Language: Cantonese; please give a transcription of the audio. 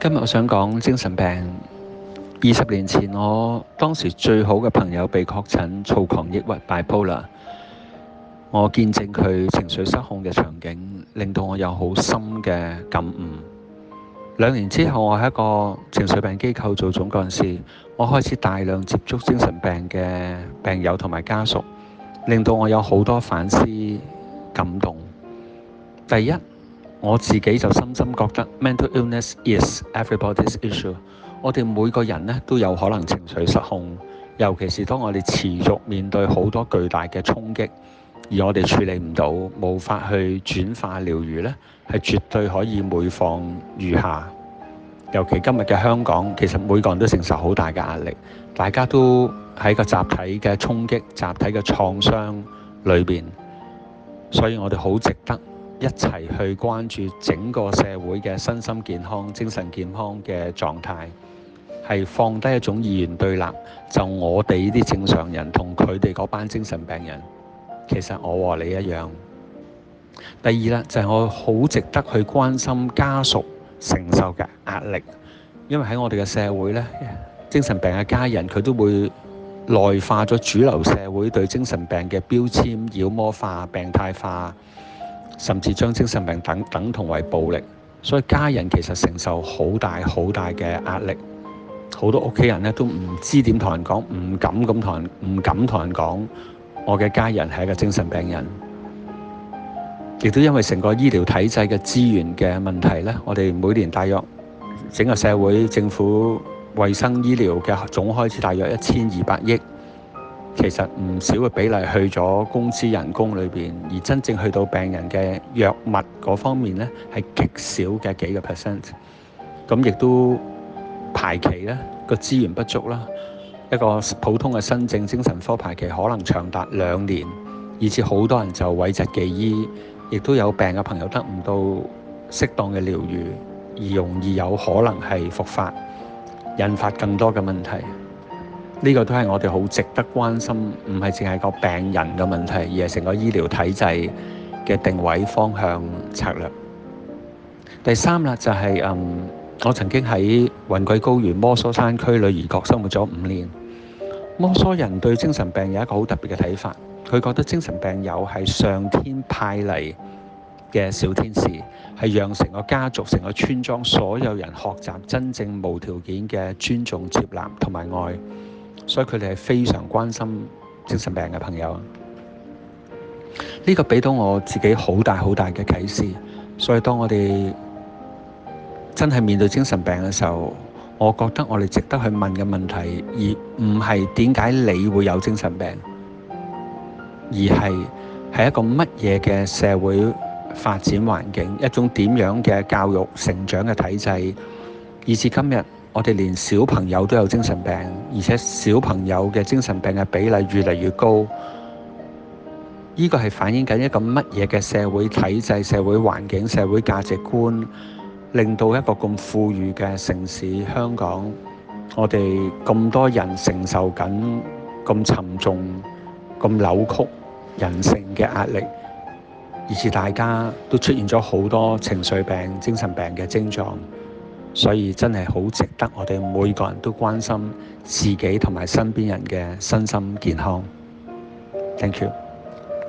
今日我想講精神病。二十年前，我當時最好嘅朋友被確診躁狂抑鬱，Bipolar，我見證佢情緒失控嘅場景，令到我有好深嘅感悟。兩年之後，我喺一個情緒病機構做總幹事，我開始大量接觸精神病嘅病友同埋家屬，令到我有好多反思、感動。第一。我自己就深深覺得 mental illness is everybody's issue。我哋每個人呢都有可能情緒失控，尤其是當我哋持續面對好多巨大嘅衝擊，而我哋處理唔到、無法去轉化療愈呢，係絕對可以每況愈下。尤其今日嘅香港，其實每個人都承受好大嘅壓力，大家都喺個集體嘅衝擊、集體嘅創傷裏邊，所以我哋好值得。一齊去關注整個社會嘅身心健康、精神健康嘅狀態，係放低一種二元對立。就我哋呢啲正常人同佢哋嗰班精神病人，其實我和你一樣。第二啦，就係、是、我好值得去關心家屬承受嘅壓力，因為喺我哋嘅社會呢，精神病嘅家人佢都會內化咗主流社會對精神病嘅標籤、妖魔化、病態化。甚至將精神病等等同為暴力，所以家人其實承受好大好大嘅壓力，好多屋企人咧都唔知點同人講，唔敢咁同人，唔敢同人講我嘅家人係一個精神病人。亦都因為成個醫療體制嘅資源嘅問題咧，我哋每年大約整個社會政府衞生醫療嘅總開支大約一千二百億。其實唔少嘅比例去咗公司人工裏邊，而真正去到病人嘅藥物嗰方面呢，係極少嘅幾個 percent。咁亦都排期咧，個資源不足啦。一個普通嘅新症精神科排期可能長達兩年，以至好多人就諱疾忌醫，亦都有病嘅朋友得唔到適當嘅療愈，而容易有可能係復發，引發更多嘅問題。呢個都係我哋好值得關心，唔係淨係個病人嘅問題，而係成個醫療體制嘅定位方向策略。第三啦，就係，嗯，我曾經喺雲貴高原、摩梭山區、女兒國生活咗五年。摩梭人對精神病有一個好特別嘅睇法，佢覺得精神病友係上天派嚟嘅小天使，係讓成個家族、成個村莊所有人學習真正無條件嘅尊重、接納同埋愛。所以佢哋係非常關心精神病嘅朋友啊！呢、這個俾到我自己好大好大嘅啟示。所以當我哋真係面對精神病嘅時候，我覺得我哋值得去問嘅問題，而唔係點解你會有精神病，而係係一個乜嘢嘅社會發展環境，一種點樣嘅教育成長嘅體制，以至今日。我哋連小朋友都有精神病，而且小朋友嘅精神病嘅比例越嚟越高。呢、這個係反映緊一個乜嘢嘅社會體制、社會環境、社會價值觀，令到一個咁富裕嘅城市香港，我哋咁多人承受緊咁沉重、咁扭曲人性嘅壓力，以致大家都出現咗好多情緒病、精神病嘅症狀。所以真係好值得我哋每個人都關心自己同埋身邊人嘅身心健康。Thank you.